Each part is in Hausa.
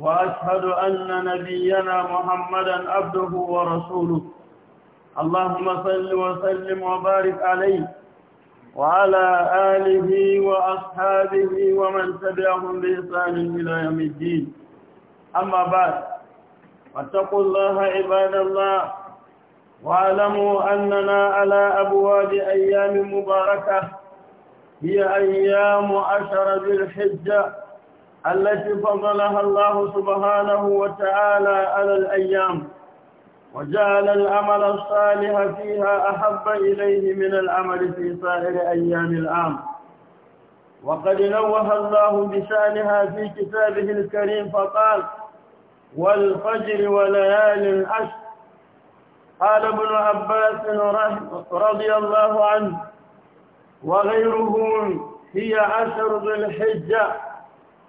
وأشهد أن نبينا محمدا عبده ورسوله اللهم صل وسلم وبارك عليه وعلى آله وأصحابه ومن تبعهم بإحسان إلى يوم الدين أما بعد فاتقوا الله عباد الله واعلموا أننا على أبواب أيام مباركة هي أيام عشر ذي الحجة التي فضلها الله سبحانه وتعالى على الأيام وجعل العمل الصالح فيها أحب إليه من العمل في سائر أيام العام وقد نوه الله بشأنها في كتابه الكريم فقال والفجر وليال العشر قال ابن عباس رضي الله عنه وغيره هي عشر ذي الحجه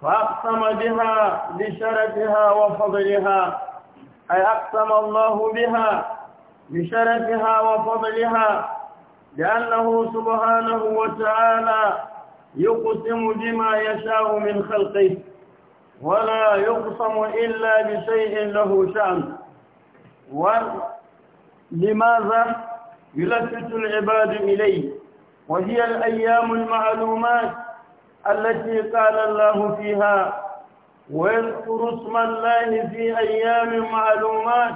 فأقسم بها بشرفها وفضلها أي أقسم الله بها بشرفها وفضلها لأنه سبحانه وتعالى يقسم بما يشاء من خلقه ولا يقسم إلا بشيء له شأن ولماذا يلفت العباد إليه وهي الأيام المعلومات التي قال الله فيها ويذكر اسم الله في أيام معلومات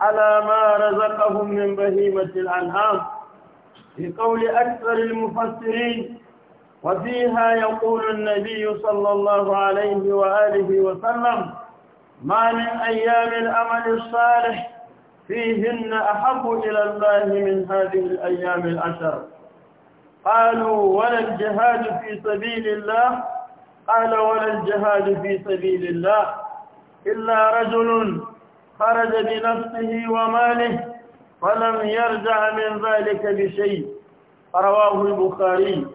على ما رزقهم من بهيمة الأنعام في قول أكثر المفسرين وفيها يقول النبي صلى الله عليه وآله وسلم ما من أيام الأمل الصالح فيهن أحب إلى الله من هذه الأيام العشر قالوا ولا الجهاد في سبيل الله قال ولا الجهاد في سبيل الله إلا رجل خرج بنفسه وماله ولم يرجع من ذلك بشيء رواه البخاري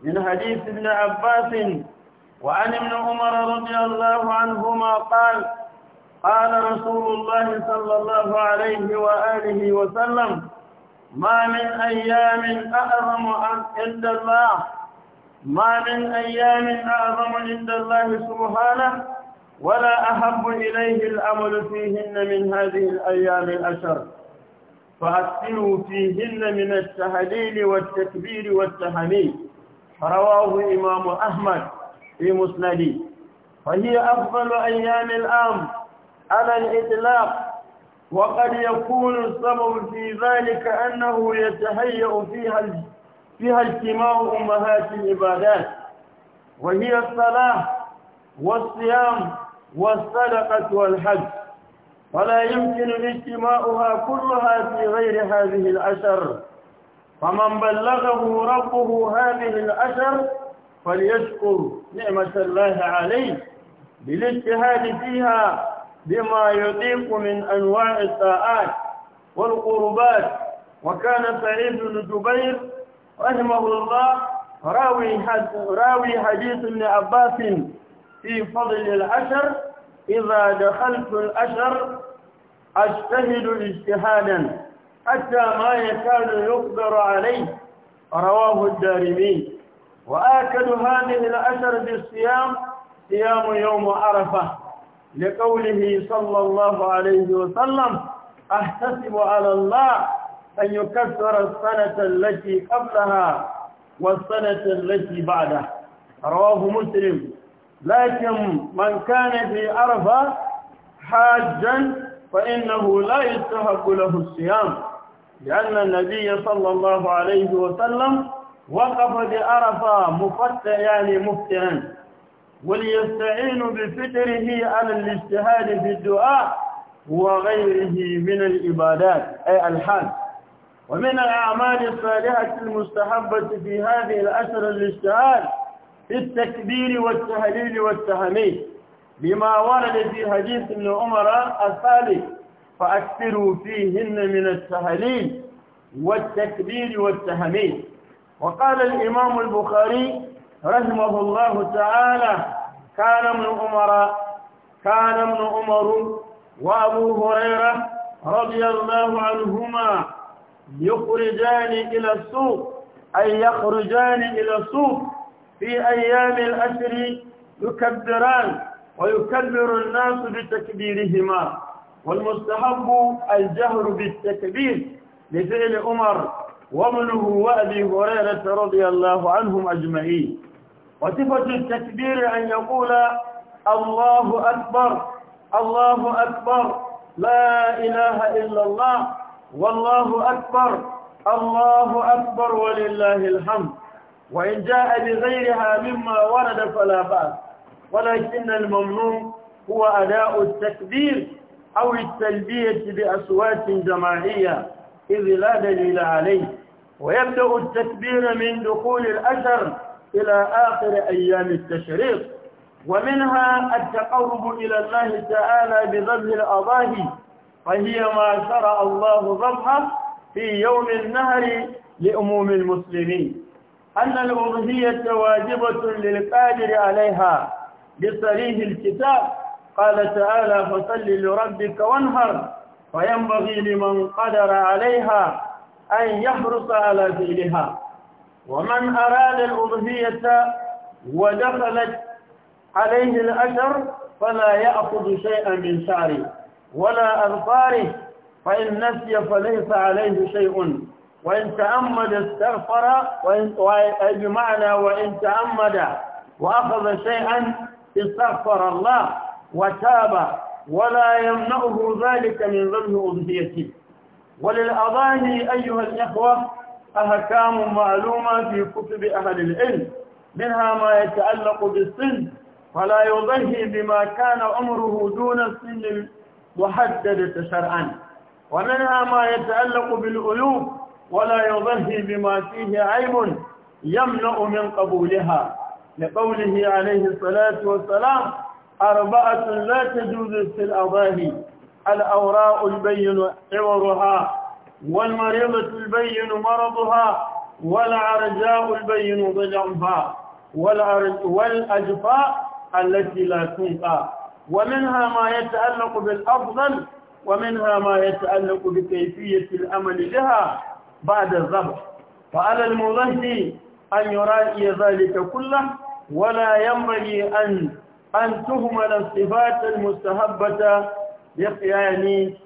من حديث ابن عباس وعن ابن عمر رضي الله عنهما قال قال رسول الله صلى الله عليه وآله وسلم ما من أيام أعظم عند الله ما من أيام أعظم عند الله سبحانه ولا أحب إليه الأمل فيهن من هذه الأيام الأشر فأكثروا فيهن من التهليل والتكبير والتهليل رواه إمام أحمد في مسندي فهي أفضل أيام الأمر على الإطلاق وقد يكون السبب في ذلك أنه يتهيأ فيها فيها اجتماع أمهات العبادات وهي الصلاة والصيام والصدقة والحج ولا يمكن اجتماعها كلها في غير هذه العشر فمن بلغه ربه هذه العشر فليشكر نعمة الله عليه بالاجتهاد فيها بما يطيق من أنواع الطاعات والقربات وكان سعيد بن جبير رحمه الله راوي راوي حديث ابن عباس في فضل العشر إذا دخلت العشر أجتهد اجتهادا حتى ما يكاد يقدر عليه رواه الدارمي وآكد هذه العشر بالصيام صيام يوم عرفة لقوله صلى الله عليه وسلم أحتسب على الله أن يكثر السنة التي قبلها والسنة التي بعدها رواه مسلم لكن من كان في عرفة حاجا فإنه لا يستحق له الصيام لأن النبي صلى الله عليه وسلم وقف بعرفة مفتح يعني مفتحا وليستعين بفتره على الاجتهاد في الدعاء وغيره من العبادات أي الحال ومن الأعمال الصالحة المستحبة في هذه الأسر الاجتهاد في التكبير والتهليل والتهميد بما ورد في حديث ابن عمر الثالث فأكثروا فيهن من التهليل والتكبير والتهميد وقال الإمام البخاري رحمه الله تعالى كان ابن عمر كان ابن عمر وأبو هريرة رضي الله عنهما يخرجان إلى السوق أي يخرجان إلى السوق في أيام الأسر يكبران ويكبر الناس بتكبيرهما والمستحب الجهر بالتكبير لفعل عمر وابنه وأبي هريرة رضي الله عنهم أجمعين وصفة التكبير أن يقول الله أكبر الله أكبر لا إله إلا الله والله أكبر الله أكبر ولله الحمد وإن جاء بغيرها مما ورد فلا بأس ولكن الممنوع هو أداء التكبير أو التلبية بأصوات جماعية إذ لا دليل عليه ويبدأ التكبير من دخول الأثر إلى آخر أيام التشريق ومنها التقرب إلى الله تعالى بذبح الأضاحي فهي ما شرع الله ذبحه في يوم النهر لأموم المسلمين أن الأضحية واجبة للقادر عليها بصريح الكتاب قال تعالى فصل لربك وانهر فينبغي لمن قدر عليها أن يحرص على فعلها ومن أراد الأضحية ودخلت عليه الأشر فلا يأخذ شيئا من شعره ولا أظفاره فإن نسي فليس عليه شيء وإن تأمد استغفر وإن بمعنى وإن تأمد وأخذ شيئا استغفر الله وتاب ولا يمنعه ذلك من ظلم أضحيته وللأضاني أيها الإخوة أحكام معلومة في كتب أهل العلم منها ما يتعلق بالسن فلا يضهي بما كان عمره دون السن المحددة شرعا ومنها ما يتعلق بالألوب ولا يضهي بما فيه عيب يمنع من قبولها لقوله عليه الصلاة والسلام أربعة لا تجوز في الأضاهي الأوراء البين عورها والمريضة البين مرضها والعرجاء البين ضجعها والأجفاء التي لا تنقى ومنها ما يتعلق بالأفضل ومنها ما يتعلق بكيفية الأمل لها بعد الذبح فعلى المضحي أن يرائي ذلك كله ولا ينبغي أن أن تهمل الصفات المستهبة يعني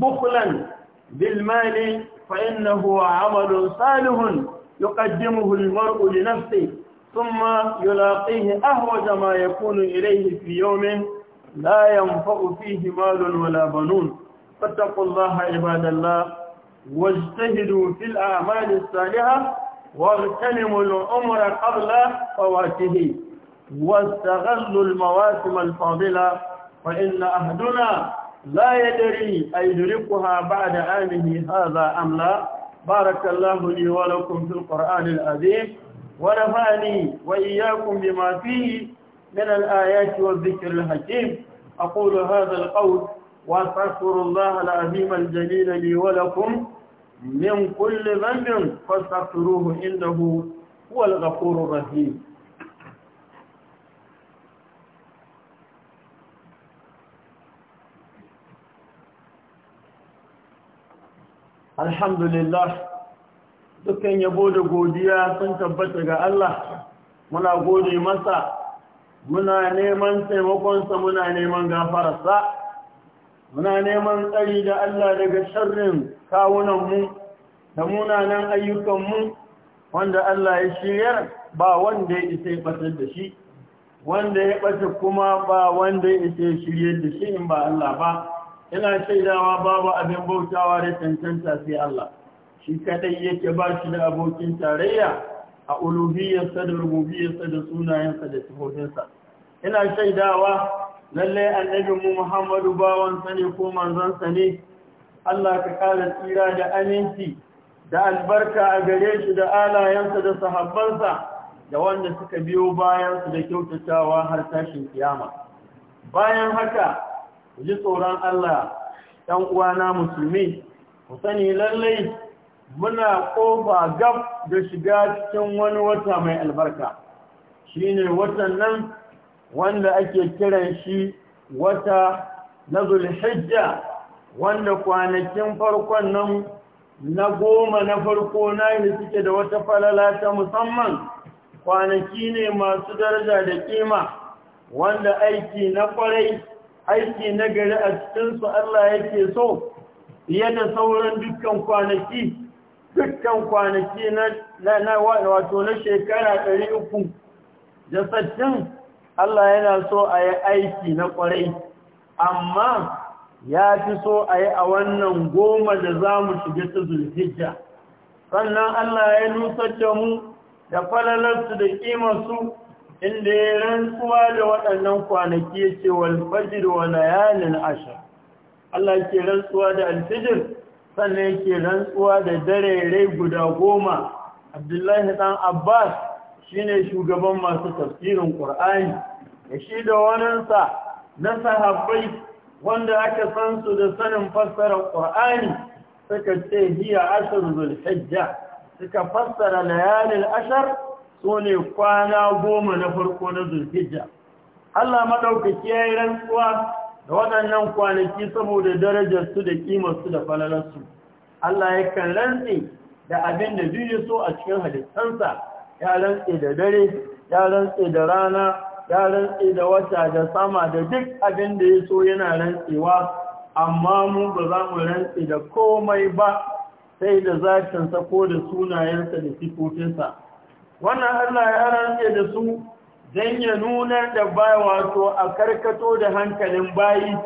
بخلا بالمال فإنه عمل صالح يقدمه المرء لنفسه ثم يلاقيه أهوج ما يكون إليه في يوم لا ينفع فيه مال ولا بنون فاتقوا الله عباد الله واجتهدوا في الأعمال الصالحة واغتنموا العمر قبل فواته واستغلوا المواسم الفاضلة فإن أهدنا la ya dari a yi duriku ha ba da amini ha za amla baraka allahu ne wa lakun fil ƙar'anin azim wa rafani wa iyakun bi ma fi min al'ayaki wa zikir al-hakim a kudu ha da alƙawar wa sassurun za a la'azim aljalila ne wa lakun min kulle zambin fassasturuhu inda hu kuwa al-zakurun rahim alhamdulillah dukkan yabo da godiya sun tabbata ga Allah muna gode masa muna neman taimakonsa muna neman gafararsa muna neman tsari da Allah daga sharrin kawunanmu da munanan mu wanda Allah ya shiryar ba wanda ya isa ya batar da shi wanda ya bata kuma ba wanda ya isa ya shiryar da shi in ba Allah ba ina shaidawa babu abin bautawa da cancanta sai Allah shi kadai yake ba shi da abokin tarayya a uluhiyarsa da rububiyarsa da sunayensa da sifofinsa ina shaidawa lalle annabinmu Muhammadu bawansa ne ko manzansa ne Allah ka kara tsira da aminci da albarka a gare shi da alayensa da sahabbansa da wanda suka biyo bayan su da kyautatawa har tashin kiyama bayan haka ku ji tsoron Allah ɗan uwana musulmi ku sani lallai muna ƙofa gab da shiga cikin wani wata mai albarka shine watan nan wanda ake kiran shi wata na zulhijja wanda kwanakin farkon nan na goma na farko na yi suke da wata falala ta musamman kwanaki ne masu daraja da kima wanda aiki na kwarai aiki na gari a cikinsu Allah yake so fiye da sauran dukkan kwanaki dukkan kwanaki na wato na shekara ɗari uku da sattin Allah yana so a yi aiki na kwarai, amma ya fi so a yi a wannan goma da za mu shiga ta zulhijja sannan Allah ya nusa da mu da falalarsu da ƙimarsu inda ya rantsuwa da waɗannan kwanaki ya ce walfajir wa layalin ashir Allah ke rantsuwa da alfijir sannan yake rantsuwa da dare guda goma abdullahi ɗan abbas shine shugaban masu tafsirin ƙur'ani Ya shi da waninsa na sahabbai wanda aka san su da sanin fassara Kur'ani, suka ce hiya ashir zulhijja suka fassara layalin ashar so ne kwana goma na farko na zulhijja Allah maɗaukaki ya yi rantsuwa da waɗannan kwanaki saboda darajar su da ƙimarsu da su. Allah ya kan rantse da abin da biyu so a cikin halittansa ya rantse da dare ya rantse da rana ya rantse da wata da sama da duk abin da ya so yana rantsewa amma mu ba za mu rantse da komai ba sai da zatinsa ko da sunayensa da sifofinsa wannan Allah ya rantse da su don ya nuna da ba wato a karkato da hankalin bayi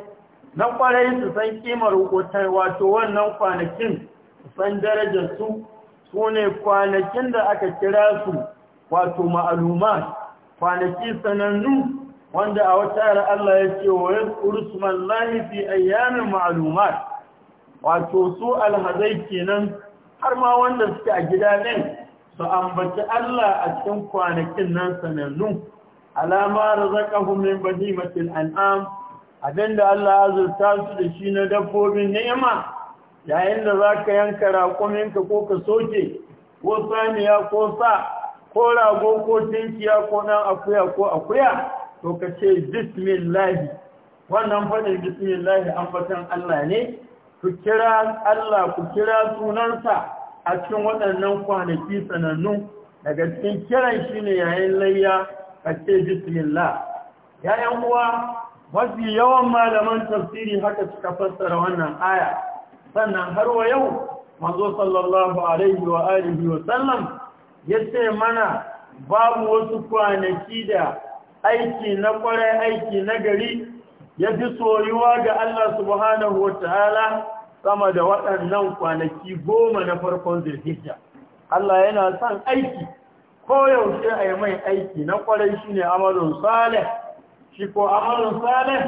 na kwarai su san kimar hukutar wato wannan kwanakin san darajar su su ne kwanakin da aka kira su wato ma'aluma kwanaki sanannu wanda a wata yara Allah ya ce wa yin urusman lahifi ayyamin ma'aluma wato su alhazai kenan har ma wanda suke a gida Ka ambaci Allah a cikin kwanakin nan sanannu alama razaqahum min badimatil an'am abinda Allah azurta su da shi na dabbobin ni'ima yayin da zaka yanka raƙuminka ko ka soke ko saniya ko sa ko rago ko tinkiya ko nan akuya ko akuya to ka ce bismillah wannan faɗin bismillah ambatan Allah ne ku kira Allah ku kira sunansa a cikin waɗannan kwanaki sanannu daga cikin kiran shi ne yayin layya a ce bismillah yayan uwa mafi yawan malaman tafsiri haka suka fassara wannan aya sannan har wa yau manzo sallallahu alaihi wa alihi wa sallam ya ce mana babu wasu kwanaki da aiki na kwarai aiki na gari ya fi soyuwa ga Allah subhanahu wa ta'ala sama da waɗannan kwanaki goma na farkon zirgijiya. Allah yana son aiki ko yaushe a yi mai aiki na kwarai shi ne amalin salih shi ko amalin salih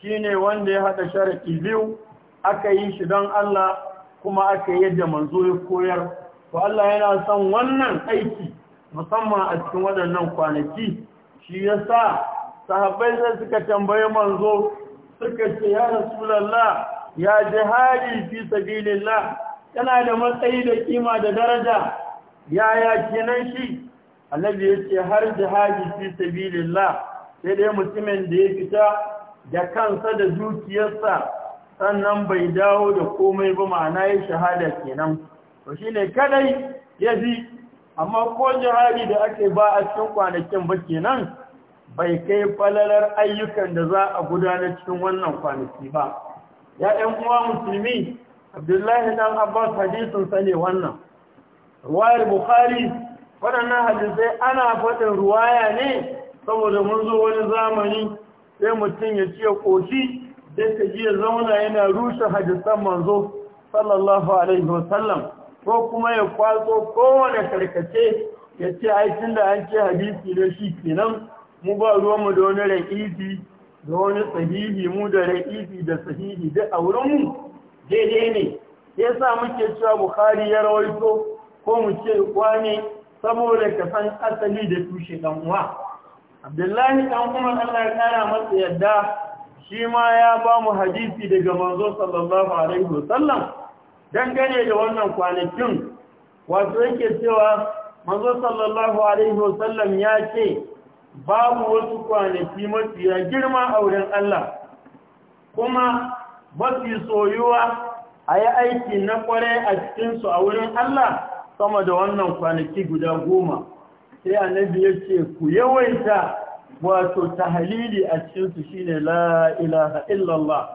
shi ne wanda ya haɗa sharaɗi biyu aka yi shi don Allah kuma aka yi yadda manzo ya koyar Ko Allah yana son wannan aiki musamman a cikin waɗannan kwanaki shi ya sa sahabbai sai suka tambayi manzo suka ce ya rasulallah ya jihadi fi sabilillah kana da matsayi da kima da daraja ya ya kenan shi annabi yace har jihadi fi sabilillah sai dai mutumin da ya fita da kansa da dukiyarsa sannan bai dawo da komai ba ma'ana ya shahada kenan to shine kadai ya yaji amma ko jihadi da ake ba a cikin kwanakin ba kenan bai kai falalar ayyukan da za a gudanar cikin wannan kwanaki ba ya ɗan uwa musulmi abdullahi dan abbas hadisin sani wannan ruwayar bukhari waɗannan hadisai ana faɗin ruwaya ne saboda mun zo wani zamani sai mutum ya ce ƙoshi sai ka ji ya zauna yana rushe hadisan manzo sallallahu alaihi wasallam ko kuma ya kwaso kowane karkace ya ce aikin da an ce hadisi da shi kenan mu ba ruwanmu da wani ra'isi da wani sahihi mu da ra'ifi da sahihi da a daidai ne ya sa muke cewa bukari ya rawaito ko mu ce ne saboda ka san asali da tushe ɗanuwa abdullahi dan kuma Allah ya kara masa yadda shi ma ya ba mu hadisi daga manzo sallallahu alaihi wasallam dangane da wannan kwanakin wato yake cewa manzo sallallahu alaihi wasallam ya ce babu wasu kwanaki mafiya girma a wurin Allah kuma mafi soyuwa a yi aiki na kware a cikinsu a wurin Allah sama da wannan kwanaki guda goma sai annabi ya ce ku yawaita wato tahalili a cikinsu shi ne la'ilaha illallah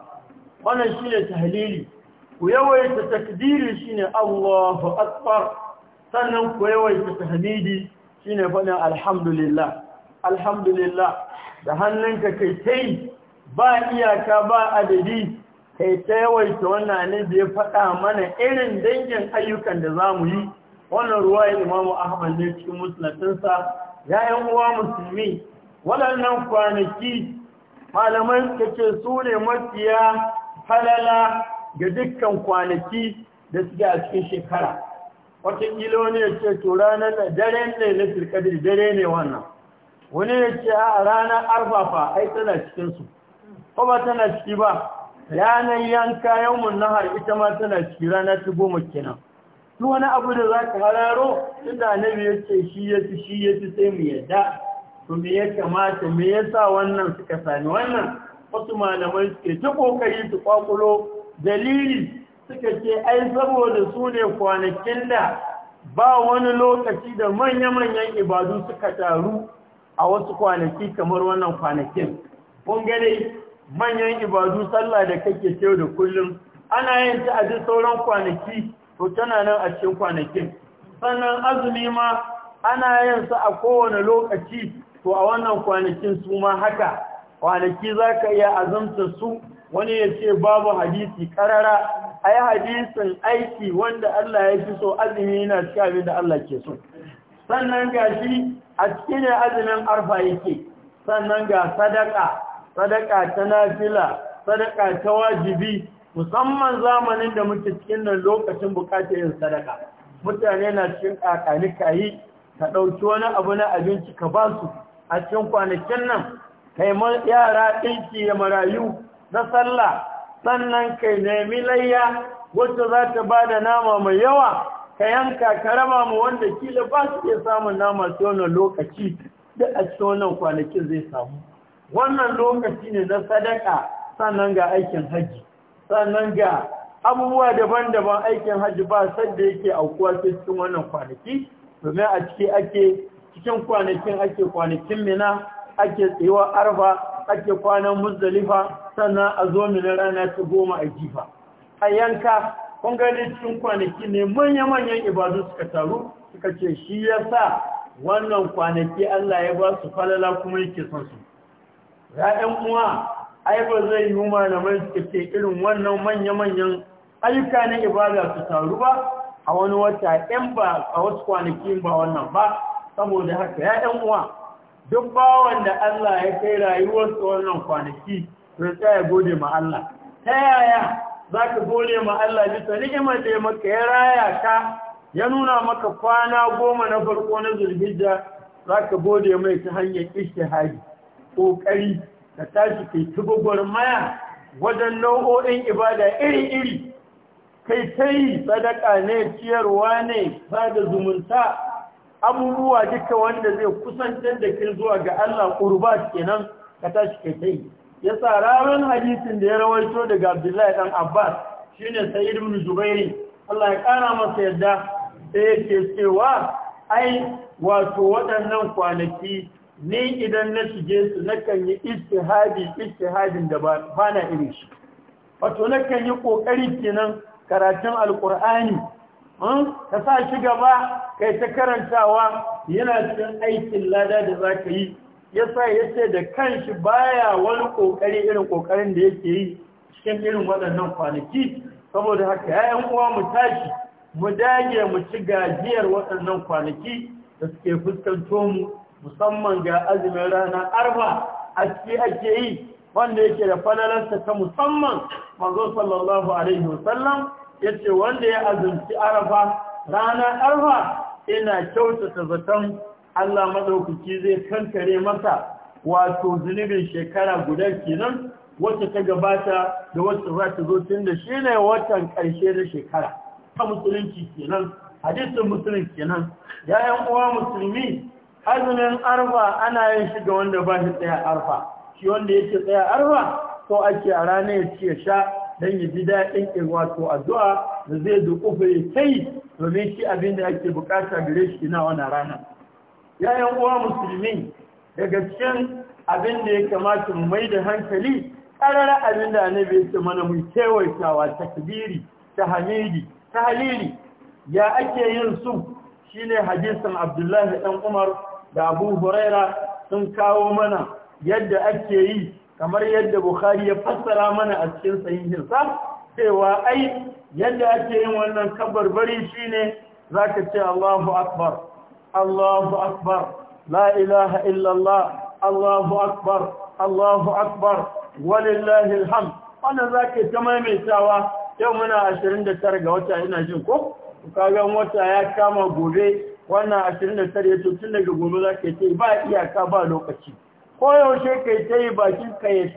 wannan shi ne tahalili ku yawaita takdiri shi ne Allahu Akbar sannan ku yawaita tahmidi shi ne faɗin alhamdulillah alhamdulillah da hannunka kai ba iyaka ba adadi kai ta yawaita wannan da ya faɗa mana irin dangin ayyukan da za mu yi wannan ruwa ya imamu ahmad ne cikin musulatinsa ya yan uwa musulmi waɗannan kwanaki malaman ta ce su ne mafiya halala, ga dukkan kwanaki da suke a cikin shekara wata ne ce to ranar da dare ne na firkadar dare ne wannan wani ya ce a ranar arfafa ai tana cikinsu ko ba tana ciki ba ranar yanka na har ita ma tana ciki ranar ta goma kenan su wani abu da za ka hararo inda annabi ya ce shi ya ci shi ya ci sai mu yadda to me ya kamata me yasa wannan suka sami wannan wasu malamai suke ta kokari su kwakulo dalili suka ce ai saboda su ne kwanakin da ba wani lokaci da manya-manyan ibadu suka taru a wasu kwanaki kamar wannan kwanakin kun gane manyan ibadu sallah da kake cewa da kullum ana yin ta a sauran kwanaki to tana nan a cikin kwanakin sannan azumi ma ana yin sa a kowane lokaci to a wannan kwanakin su ma haka kwanaki za ka iya azumta su wani ya ce babu hadisi karara a yi hadisin aiki wanda Allah ya fi so azumi yana cikin abin da Allah ke so sannan ga shi a cikin azumin arfa yake sannan ga sadaka sadaka ta nafila sadaka ta wajibi musamman zamanin da muke cikin nan lokacin bukatar yin sadaka mutane na cikin kakani kayi ka ɗauki wani abu na abinci ka ba su a cikin kwanakin nan kai yara ɗinki ya marayu na sallah sannan kai nemi layya wacce za ta ba da nama mai yawa ka yanka ka raba mu wanda kila ba su iya samun nama su wannan lokaci da a cikin wannan kwanakin zai samu wannan lokaci ne na sadaka sannan ga aikin hajji sannan ga abubuwa daban-daban aikin hajji ba sanda yake aukuwa sai cikin wannan kwanaki domin a ciki ake cikin kwanakin ake kwanakin mina ake tsayuwa arba ake kwanan muzdalifa sannan a zo mina rana ta goma a jifa a yanka kun gani cikin kwanaki ne manya-manyan ibadu suka taru suka ce shi ya sa wannan kwanaki Allah ya ba su falala kuma yake son su ra'yan uwa ai ba zai yi mai suka ce irin wannan manya-manyan ayyuka na ibada su taru ba a wani wata ɗan ba a wasu kwanaki ba wannan ba saboda haka ya ɗan uwa duk bawan da Allah ya kai rayuwarsa wannan kwanaki to ya gode ma Allah ta yaya za ka gode ma Allah bisa ni'imar da ya maka ya raya ka ya nuna maka kwana goma na farko na zulhijja za ka gode mai ta hanyar ishtihari ƙoƙari ka tashi kai ta maya wajen nau'o'in ibada iri-iri kai ta yi sadaka ne ciyarwa ne da zumunta abubuwa duka wanda zai kusantar da kin zuwa ga Allah ƙurba kenan ka tashi kai ta yi ya sa ranar hadisin da ya rawaito daga abdullahi dan abbas shine sa'id ibn zubairi Allah ya kara masa yadda sai yake cewa ai wato waɗannan kwanaki ne idan na shige su nakan yi istihadi istihadin da ba na irin shi wato nakan yi kokari kenan karatun alƙur'ani hmm? ka sa shi gaba kai ta karantawa yana cikin aikin lada da za ka yi Ya sa ya ce da kanshi baya wani kokari irin kokarin da yake yi cikin irin waɗannan kwanaki saboda haka yayan uwa mu tashi mu dage mu ci gajiyar waɗannan kwanaki da suke fuskanto mu musamman ga azumin rana arba a ciki ake yi wanda yake da falalarsa ta musamman manzo sallallahu alaihi wasallam yace wanda ya azumci arafa rana arba ina kyautata zaton Allah madaukaki zai kankare masa wato zunubin shekara guda kenan wacce ta gabata da wacce za ta zo tun da shi ne watan ƙarshe na shekara ta musulunci kenan hadisin musulun kenan ya 'yan uwa musulmi azumin arfa ana yin shi ga wanda ba shi tsaya arfa shi wanda yake tsaya arfa ko ake a ranar ya ci ya sha don ya ji daɗin wato addu'a da zai duƙufa ya kai domin shi abin da ake bukata gare shi na wannan ranar ya yan uwa musulmi daga cikin abin da ya kamata mu mai da hankali karara abin da annabi ya ce mana mu kewaitawa takbiri ta hamidi ta halili ya ake yin su shine hadisin abdullahi dan umar da abu huraira sun kawo mana yadda ake yi kamar yadda bukhari ya fassara mana a cikin sahihinsa cewa ai yadda ake yin wannan kabarbari shine zaka ce allahu akbar الله أكبر لا إله إلا الله الله أكبر الله أكبر ولله الحمد أنا ذاك تمامي سوا يومنا عشرين دسارة قوتا هنا جنكو ga wata ya kama gobe wannan 29 ya tun daga gobe za ka yi ba iyaka ba lokaci Koyaushe kai ka ta yi bakin ka ya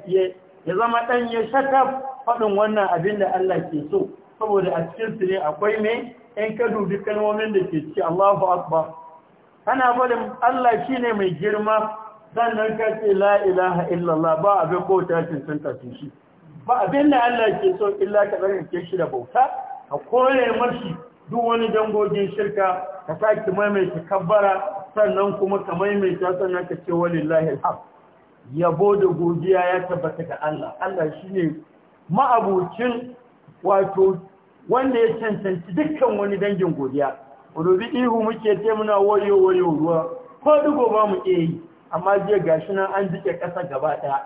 zama ɗan ya shaka faɗin wannan abin da Allah ke so saboda a cikin su ne akwai mai ‘yan kadu duk kalmomin da ke ci Allahu Akbar kana barin Allah shi ne mai girma sannan ka ce la illallah ba abin ko tashin sun tafi shi ba abin da Allah ke so illa ka ke shi da bauta ka kore mashi duk wani dangogin shirka ka saki maimaita kabbara sannan kuma ka maimaita sannan ka ce walillahi haf. yabo da godiya ya tabbata ga Allah Allah shine ma'abucin wato wanda ya cancanci dukkan wani dangin godiya rubi ihu muke ce muna wayo wayo ruwa ko dugo ba mu iya yi amma jiya gashi nan an jike ƙasa gaba ɗaya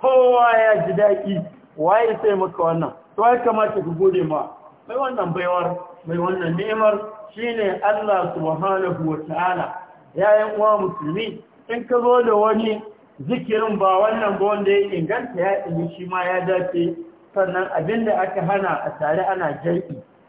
kowa ya ji daɗi waye sai maka wannan to ya kamata ku gode ma mai wannan baiwar mai wannan ni'imar shine Allah subhanahu wa ta'ala yayin uwa musulmi in ka zo da wani zikirin ba wannan ba wanda ya inganta ya ɗin shi ma ya dace sannan abinda aka hana a tare ana jai'i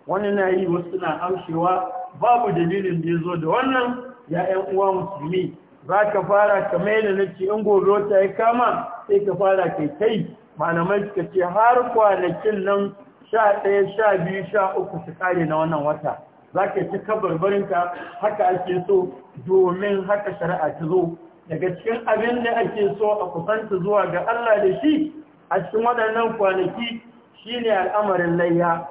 wani na yi wasu na amshewa babu dalilin da ya zo da wannan ya ‘yan uwa musulmi za ka fara kamar yadda na ce in gobe wata ya kama sai ka fara kai kai malamai suka ce har kwanakin nan sha ɗaya sha biyu sha uku su kare na wannan wata za ka ci ka haka ake so domin haka shari'a ta zo daga cikin abin da ake so a kusanta zuwa ga Allah da shi a cikin waɗannan kwanaki shine al'amarin layya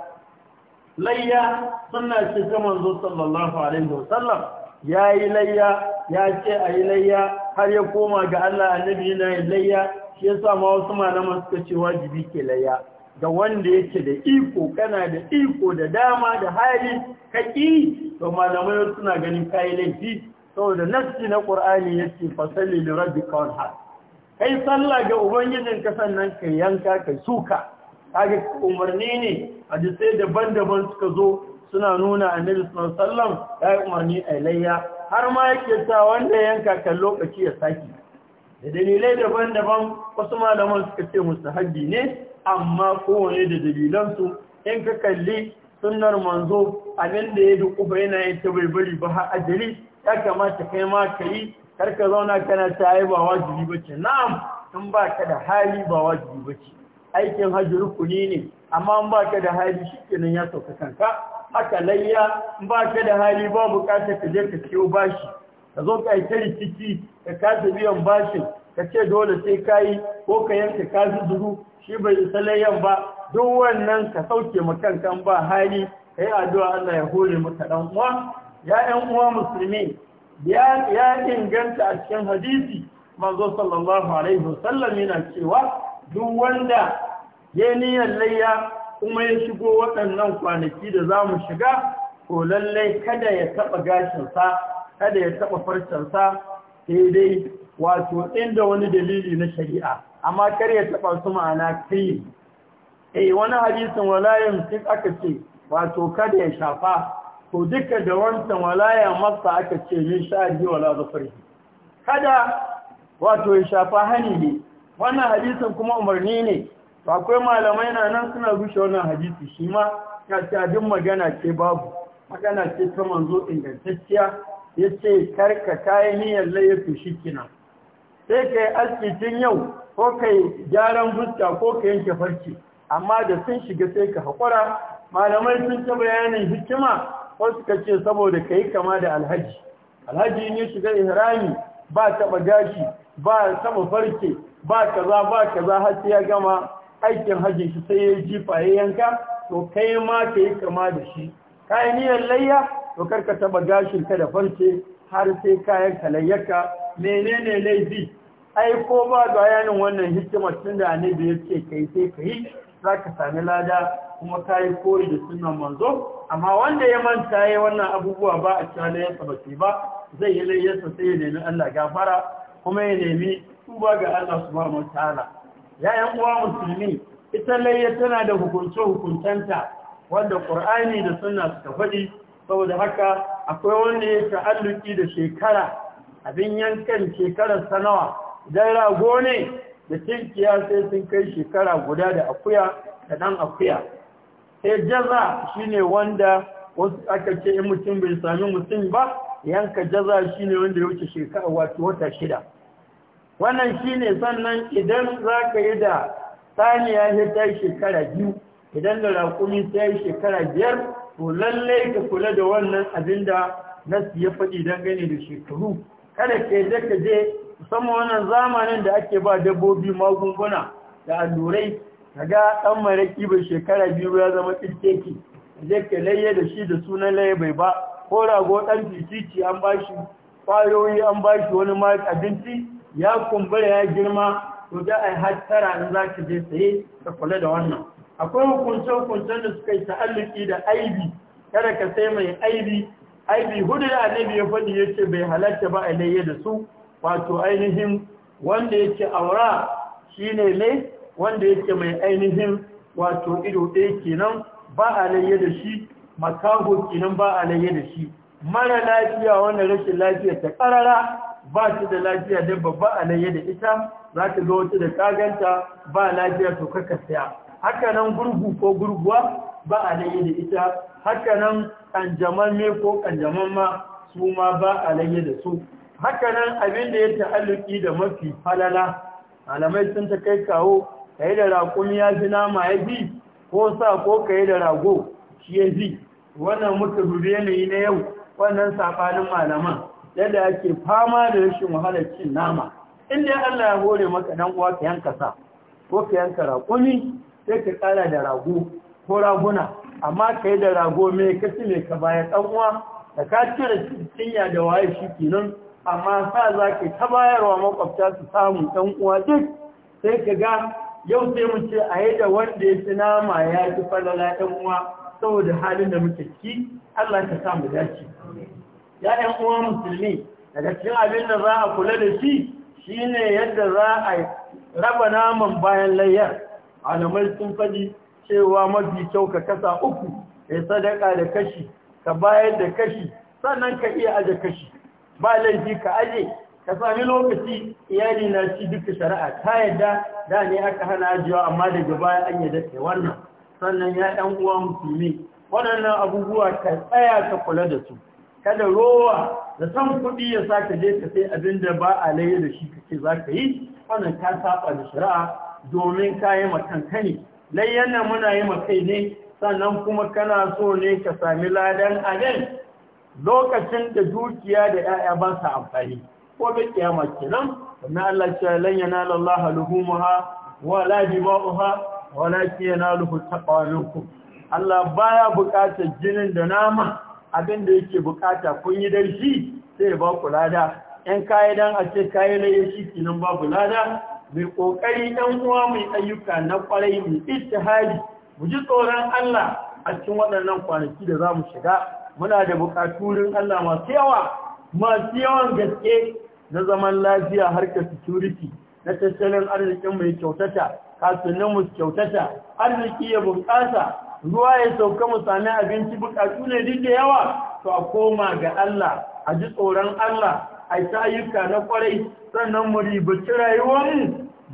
layya suna ce manzo sallallahu alaihi wasallam ya yi layya ya ce a yi layya har ya koma ga Allah annabi yana yi layya shi ya sa ma wasu malaman suka ce wajibi ke layya ga wanda yake da iko kana da iko da dama da hali ka to malamai suna ganin kayi laifi saboda nassi na qur'ani yace fasalli li rabbika wanhar kai sallah ga ubangijin ka sannan kai yanka kai suka kage umarni ne sai daban-daban suka zo suna nuna annabi sallallahu alaihi ya yi umarni a layya har ma yake sa wanda yanka kan lokaci ya saki da dalilai daban-daban wasu malaman suka ce musu haddi ne amma kowane da dalilansu in ka kalli sunnar manzo abin da ya dukufa yana yin ta bari ba har ajali ya kamata kai ma ka yi karka zauna kana ta yi ba wajibi ba ce na'am in ba ka da hali ba wajibi ba ce aikin hajji rukuni ne amma in ba ka da hali shi kenan ya sauka kanka haka layya in ba ka da hali ba bukatar ka je ka siyo bashi ka zo ka yi ta rikici ka kasa biyan bashin ka ce dole sai ka yi ko ka yanka kasu duru shi bai isa layyan ba duk wannan ka sauke ma kanka ba hali ka yi addu'a Allah ya hore maka dan uwa ya ƴan uwa musulmi ya inganta a cikin hadisi manzo sallallahu alaihi wasallam yana cewa duk wanda ya niyyar layya kuma ya shigo waɗannan kwanaki da za mu shiga ko lallai kada ya taɓa gashinsa kada ya taɓa farcinsa? sai dai wato inda wani dalili na shari'a amma kar ya taɓa su ma'ana kai eh wani hadisin walayin sun aka ce wato kada ya shafa ko duka da wancan walaya masa aka ce min sha'ari wala zafari kada wato ya shafa hani ne wannan hadisin kuma umarni ne ba akwai malamai na nan suna rushe wannan hadisi shi ma ta magana ce babu magana ce ta manzo ingantacciya ya ce karka kayan niyyar laifin shi kina sai ka yi tun yau ko ka yi gyaran fuska ko ka yanke farki amma da sun shiga sai ka haƙura malamai sun ta bayanin hikima ko suka ce saboda ka yi kama da alhaji alhaji ne shiga ihrami ba taɓa gashi ba taɓa farke, ba kaza ba kaza har sai ya gama aikin hajjin shi sai ya jifa ya yanka to kai ma ka yi kama da shi kayan niyyar layya to karka taba gashin ka da farce har sai kayan kalayyaka menene laifi ai ko ba bayanin wannan hikimar tun da annabi ya ce kai sai ka yi za ka sami lada kuma ka yi kori da sunan manzo amma wanda ya manta ya wannan abubuwa ba a cewa layyarsa ba ba zai yi layyarsa sai ya nemi Allah gafara kuma ya nemi tuba ga Allah subhanahu wa ta'ala ya yan uwa musulmi ita layya tana da hukunce hukuntanta wanda qur'ani da sunna suka faɗi saboda haka akwai wanda ya ta'alluki da shekara abin yankan shekarar sanawa idan rago ne da tinkiya sai sun kai shekara guda da akuya da ɗan akuya sai jaza shine wanda wasu aka ce in mutum bai sami mutum ba yanka jaza shine wanda ya wuce shekara wato wata shida wannan shine sannan idan za ka yi da saniya ya ta yi shekara biyu idan da raƙumi ta yi shekara biyar to lallai ka kula da wannan abin da nasu ya faɗi gani da shekaru kada ka da ka je musamman wannan zamanin da ake ba dabbobi magunguna da allurai ka ga ɗan maraƙi bai shekara biyu ya zama tsirkeke je ka laye da shi da sunan laye bai ba ko rago ɗan titi an ba shi ƙwayoyi an ba shi wani abinci ya kumbura ya girma to da ai hattara in za ka je saye ka kula da wannan akwai hukuncin hukuncen da suka yi ta'alluki da aibi kada ka sai mai aibi aibi hudu da annabi ya faɗi ya ce bai halatta ba a layye da su wato ainihin wanda yake aura shine ne wanda yake mai ainihin wato ido ɗaya kenan ba a layye da shi makaho kenan ba a layye da shi mara lafiya wanda rashin lafiya ta ƙarara ba shi da lafiya da babba alayya da ita za ka ga wata da kaganta ba lafiya to kaka saya haka nan gurgu ko gurguwa ba a laye da ita haka nan kanjaman me ko kanjaman ma su ma ba a layye da su haka nan abin da ya ta'alluki da mafi falala malamai sun ta kai kawo ka yi da raƙumi ya fi nama ya fi ko sa ko ka yi da rago shi ya fi wannan mutu dubi yanayi na yau wannan saɓanin malaman yadda ake fama da rashin wahalar cin nama inda Allah ya hore maka dan uwa ka yanka sa ko ka yanka raƙumi sai ka ƙara da rago ko raguna amma ka yi da rago mai kasi mai ka baya ɗan'uwa, uwa da ka cire cinya da waye shi kenan amma sa za ka ta bayarwa makwabta su samu ɗan'uwa uwa duk sai ka ga yau sai mu ce a yi da wanda ya ci nama ya ci falala ɗan'uwa uwa saboda halin da muke ciki Allah ka sa mu dace ya ɗan uwa musulmi daga cikin abin da za a kula da shi shi ne yadda za a raba naman bayan layyar alamai sun faɗi cewa mafi kyau ka kasa uku ya sadaka da kashi ka bayar da kashi sannan ka iya aje kashi ba laifi ka aje ka sami lokaci iyali na ci duka shari'a ta yadda da ne aka hana ajiyewa amma daga baya an yadda ke wannan sannan ya ɗan uwa musulmi waɗannan abubuwa ka tsaya ka kula da su kada rowa da san kuɗi ya sa ka je ka sai abin da ba a laye da shi kake za ka yi wannan ka saba da shari'a domin ka yi makanka ne layyan nan muna yi kai ne sannan kuma kana so ne ka sami ladan abin lokacin da dukiya da 'ya'ya ba sa amfani ko da kiyama kenan sannan Allah ya lan yanala Allah luhumuha wala dima'uha walakin yanaluhu taqwa minkum Allah baya buƙatar jinin da nama abin da yake bukata kun yi dan shi sai ba ku lada ɗan kayi dan a ce kayi laye shi kinan babu lada mai ƙoƙari ɗan uwa mai ayyuka na ƙwarai mai hali, mu ji tsoron Allah a cikin waɗannan kwanaki da za mu shiga muna da buƙatu Allah masu yawa masu yawan gaske na zaman lafiya harkar security na tattalin arzikin mai kyautata kasuwannin mu kyautata arziki ya bunƙasa ruwa ya sauka mu sami abinci bukatu ne duk da yawa to a koma ga Allah a ji tsoron Allah a ta ayyuka na kwarai sannan mu ribaci rayuwar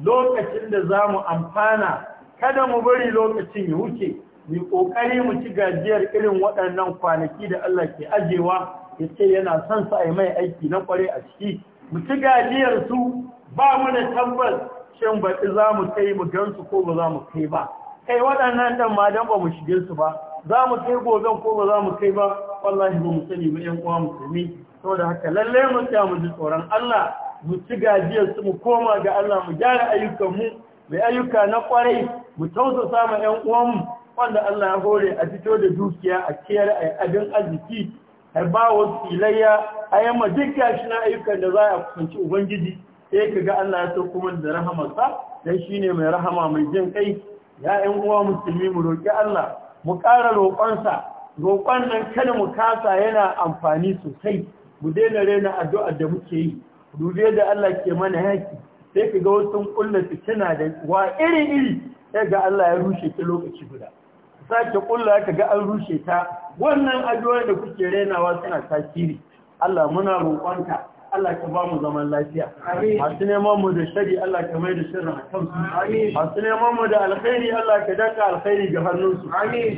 lokacin da za mu amfana kada mu bari lokacin ya wuce mu ƙoƙari mu ci gajiyar irin waɗannan kwanaki da Allah ke ajewa ya ce yana son sa a mai aiki na kwarai a ciki mu ci gajiyar su ba mu da tabbas shin baɗi za mu kai mu gansu ko ba za mu kai ba kai waɗannan ɗan ma don ba mu shige su ba za mu kai goben ko ba za mu kai ba wallahi ba mu sani ba ƴan uwa musulmi saboda haka lalle mu tsaya mu ji tsoron Allah mu ci gajiyar su mu koma ga Allah mu gyara ayyukan mu mai ayyuka na kwarai mu tausasa ma ƴan uwan mu wanda Allah ya hore a fito da dukiya a kiyar a abin arziki a ba wa filayya a yi ma duk gashi na ayyukan da za a kusanci ubangiji sai ka ga Allah ya sauko mana da rahamarsa dan shine mai rahama mai jin kai ya ‘yan uwa musulmi mu roƙi Allah mu ƙara roƙonsa roƙon nan kada mu kasa yana amfani sosai mu daina raina addu'a da muke yi dube da Allah ke mana yaki sai ka ga wasu kulla tana da wa iri iri sai ga Allah ya rushe ta lokaci guda sake kulla ka ga an rushe ta wannan addu'a da kuke rainawa suna tasiri Allah muna roƙonka Allah ka ba mu zaman lafiya masu neman mu da shari Allah ka mai da shirin a kansu masu neman mu da alkhairi Allah ka daka alkhairi ga hannunsu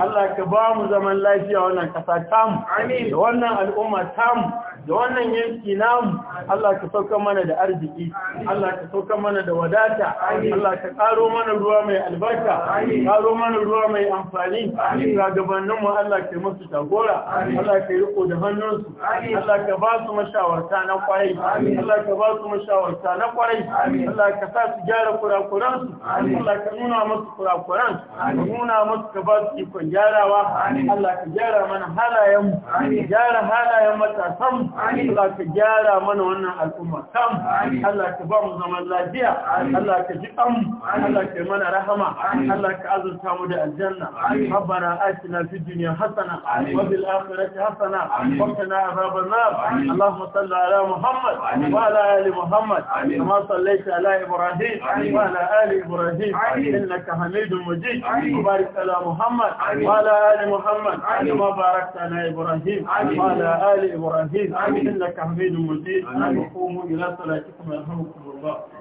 Allah ka ba mu zaman lafiya wannan kasa tamu da wannan al'umma tamu da wannan yanki namu Allah ka sauka mana da arziki Allah ka sauka mana da wadata Allah ka karo mana ruwa mai albarka karo mana ruwa mai amfani gabanin mu Allah ka musu tagora Allah ka riko da hannunsu Allah ka ba su mashawarta na kwarai Allah ka ba su mashawarta na kwarai Allah ka sa su gyara kurakuransu Allah ka nuna musu kurakuran ka nuna musu ka ba su ikon gyarawa Allah ka gyara mana halayen mu gyara halayen matasan mu Allah ka gyara mana wannan al'umma kam Allah ka ba mu zaman lafiya Allah ka ji am Allah ka mana rahama Allah ka azurta mu da aljanna rabbana atina fid dunya hasana wa fil akhirati hasana wa qina adhaban nar Allahumma salli ala Muhammad wa ala ali Muhammad kama sallaita ala Ibrahim wa ala ali Ibrahim innaka Hamidum Majid barik ala Muhammad wa ala ali Muhammad kama barakta ala Ibrahim wa ala ali Ibrahim إنك حميد مجيد قوموا إلى صلاتكم يرحمكم الله